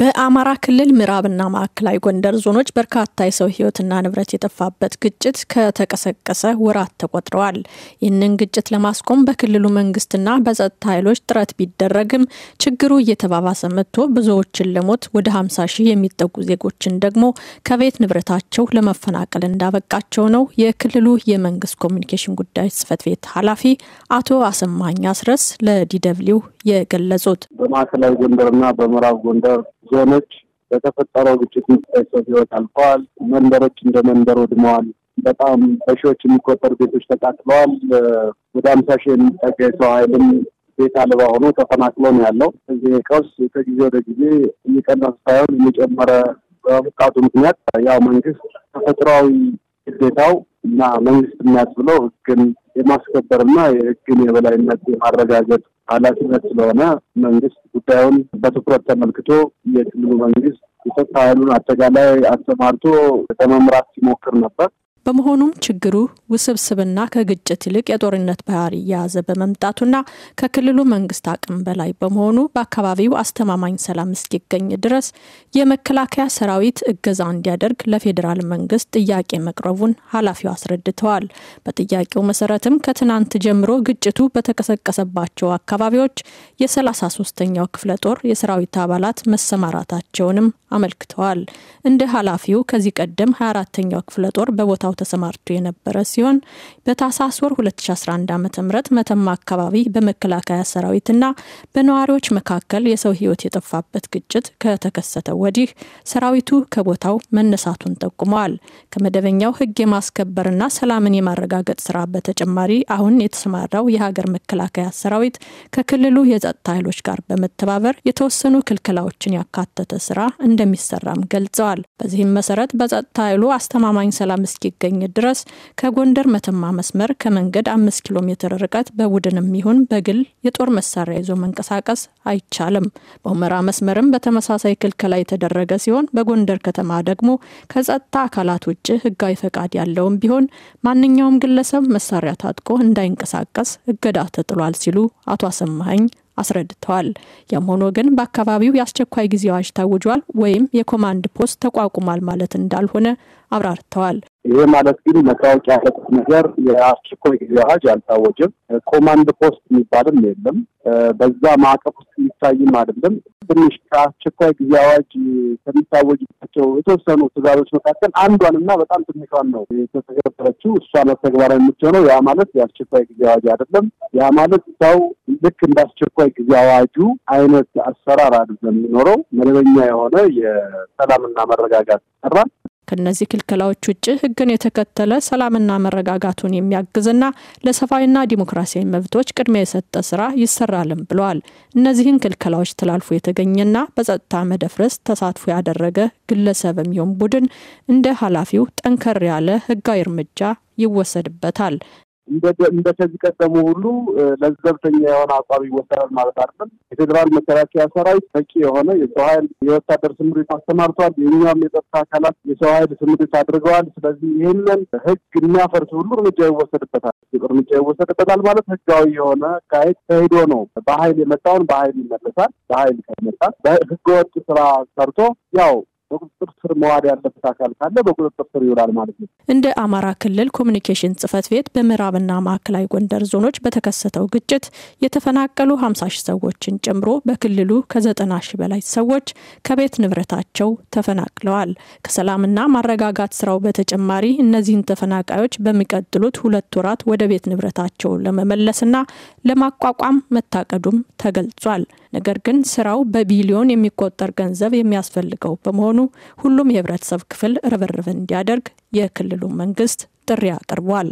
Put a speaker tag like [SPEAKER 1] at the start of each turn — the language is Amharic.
[SPEAKER 1] በአማራ ክልል ምዕራብና ማዕከላዊ ጎንደር ዞኖች በርካታ የሰው ህይወትና ንብረት የጠፋበት ግጭት ከተቀሰቀሰ ወራት ተቆጥረዋል። ይህንን ግጭት ለማስቆም በክልሉ መንግስትና በጸጥታ ኃይሎች ጥረት ቢደረግም ችግሩ እየተባባሰ መጥቶ ብዙዎችን ለሞት ወደ 50 ሺህ የሚጠጉ ዜጎችን ደግሞ ከቤት ንብረታቸው ለመፈናቀል እንዳበቃቸው ነው የክልሉ የመንግስት ኮሚኒኬሽን ጉዳዮች ጽህፈት ቤት ኃላፊ አቶ አሰማኝ አስረስ ለዲደብሊው የገለጹት።
[SPEAKER 2] በማዕከላዊ ጎንደርና በምዕራብ ጎንደር ዞኖች በተፈጠረው ግጭት የሚታይ ሰው ህይወት አልፈዋል። መንደሮች እንደ መንደር ወድመዋል። በጣም በሺዎች የሚቆጠሩ ቤቶች ተቃጥለዋል። ወደ አምሳ ሺህ የሚጠጋ የሰው ኃይልም ቤት አልባ ሆኖ ተፈናቅሎ ነው ያለው። እዚህ ቀውስ ከጊዜ ወደ ጊዜ እየቀነሰ ሳይሆን እየጨመረ በመምጣቱ ምክንያት ያው መንግስት ተፈጥሯዊ ግዴታው እና መንግስት የሚያስብለው ህግን የማስከበርና የህግን የበላይነት የማረጋገጥ ኃላፊነት ስለሆነ መንግስት ጉዳዩን በትኩረት ተመልክቶ የክልሉ መንግስት የጸጥታ ኃይሉን አጠቃላይ አሰማርቶ ለመምራት ሲሞክር ነበር።
[SPEAKER 1] በመሆኑም ችግሩ ውስብስብና ከግጭት ይልቅ የጦርነት ባህሪ እየያዘ በመምጣቱና ከክልሉ መንግስት አቅም በላይ በመሆኑ በአካባቢው አስተማማኝ ሰላም እስኪገኝ ድረስ የመከላከያ ሰራዊት እገዛ እንዲያደርግ ለፌዴራል መንግስት ጥያቄ መቅረቡን ኃላፊው አስረድተዋል። በጥያቄው መሰረትም ከትናንት ጀምሮ ግጭቱ በተቀሰቀሰባቸው አካባቢዎች የ33ኛው ክፍለ ጦር የሰራዊት አባላት መሰማራታቸውንም አመልክተዋል። እንደ ኃላፊው ከዚህ ቀደም 24ኛው ክፍለ ጦር በቦታው በስራው ተሰማርቶ የነበረ ሲሆን በታሳስወር ወር 2011 ዓ ም መተማ አካባቢ በመከላከያ ሰራዊትና በነዋሪዎች መካከል የሰው ህይወት የጠፋበት ግጭት ከተከሰተ ወዲህ ሰራዊቱ ከቦታው መነሳቱን ጠቁመዋል። ከመደበኛው ህግ የማስከበርና ሰላምን የማረጋገጥ ስራ በተጨማሪ አሁን የተሰማራው የሀገር መከላከያ ሰራዊት ከክልሉ የጸጥታ ኃይሎች ጋር በመተባበር የተወሰኑ ክልክላዎችን ያካተተ ስራ እንደሚሰራም ገልጸዋል። በዚህም መሰረት በጸጥታ ኃይሉ አስተማማኝ ሰላም እስኪገ እስኪገኝ ድረስ ከጎንደር መተማ መስመር ከመንገድ አምስት ኪሎ ሜትር ርቀት በቡድንም ይሁን በግል የጦር መሳሪያ ይዞ መንቀሳቀስ አይቻልም። በሁመራ መስመርም በተመሳሳይ ክልከላ የተደረገ ሲሆን በጎንደር ከተማ ደግሞ ከጸጥታ አካላት ውጭ ህጋዊ ፈቃድ ያለውም ቢሆን ማንኛውም ግለሰብ መሳሪያ ታጥቆ እንዳይንቀሳቀስ እገዳ ተጥሏል ሲሉ አቶ አሰማኸኝ አስረድተዋል። ያም ሆኖ ግን በአካባቢው የአስቸኳይ ጊዜ አዋጅ ታውጇል ወይም የኮማንድ ፖስት ተቋቁሟል ማለት እንዳልሆነ አብራርተዋል።
[SPEAKER 2] ይሄ ማለት ግን መታወቂያ ያለበት ነገር የአስቸኳይ ጊዜ አዋጅ አልታወጀም፣ ኮማንድ ፖስት የሚባልም የለም፣ በዛ ማዕቀፍ ውስጥ የሚታይም አይደለም። ትንሽ ከአስቸኳይ ጊዜ አዋጅ ከሚታወጅባቸው የተወሰኑ ትዕዛዞች መካከል አንዷን እና በጣም ትንሿን ነው የተተገበረችው። እሷ ተግባራዊ የምትሆነው ያ ማለት የአስቸኳይ ጊዜ አዋጅ አይደለም። ያ ማለት ሰው ልክ እንደ አስቸኳይ ጊዜ አዋጁ አይነት አሰራር አይደለም የሚኖረው መደበኛ የሆነ የሰላምና መረጋጋት ይሰራል።
[SPEAKER 1] ከእነዚህ ክልከላዎች ውጭ ህግን የተከተለ ሰላምና መረጋጋቱን የሚያግዝና ለሰብአዊና ዲሞክራሲያዊ መብቶች ቅድሚያ የሰጠ ስራ ይሰራልም ብለዋል። እነዚህን ክልከላዎች ተላልፎ የተገኘና በጸጥታ መደፍረስ ተሳትፎ ያደረገ ግለሰብ የሚሆን ቡድን እንደ ኃላፊው ጠንከር ያለ ህጋዊ እርምጃ ይወሰድበታል።
[SPEAKER 2] እንደ ከዚህ ቀደሙ ሁሉ ለዘብተኛ የሆነ አቋም ይወሰዳል ማለት አይደለም። የፌዴራል መከላከያ ሰራዊት በቂ የሆነ የሰው ኃይል የወታደር ስምሪት አስተማርቷል። የኛም የጸጥታ አካላት የሰው ኃይል ስምሪት አድርገዋል። ስለዚህ ይህንን ህግ የሚያፈርስ ሁሉ እርምጃ ይወሰድበታል እርምጃ ይወሰድበታል ማለት ህጋዊ የሆነ ካሄድ ተሄዶ ነው። በኃይል የመጣውን በኃይል ይመለሳል። በኃይል ከመጣ ህገወጥ ስራ ሰርቶ ያው በቁጥጥር ስር መዋል ያለበት አካል ካለ በቁጥጥር ስር ይውላል ማለት ነው።
[SPEAKER 1] እንደ አማራ ክልል ኮሚኒኬሽን ጽህፈት ቤት በምዕራብና ማዕከላዊ ጎንደር ዞኖች በተከሰተው ግጭት የተፈናቀሉ ሀምሳ ሺህ ሰዎችን ጨምሮ በክልሉ ከዘጠና ሺህ በላይ ሰዎች ከቤት ንብረታቸው ተፈናቅለዋል። ከሰላምና ማረጋጋት ስራው በተጨማሪ እነዚህን ተፈናቃዮች በሚቀጥሉት ሁለት ወራት ወደ ቤት ንብረታቸው ለመመለስና ለማቋቋም መታቀዱም ተገልጿል። ነገር ግን ስራው በቢሊዮን የሚቆጠር ገንዘብ የሚያስፈልገው በመሆኑ ሁሉም የህብረተሰብ ክፍል ርብርብ እንዲያደርግ የክልሉ መንግስት ጥሪ አቅርቧል።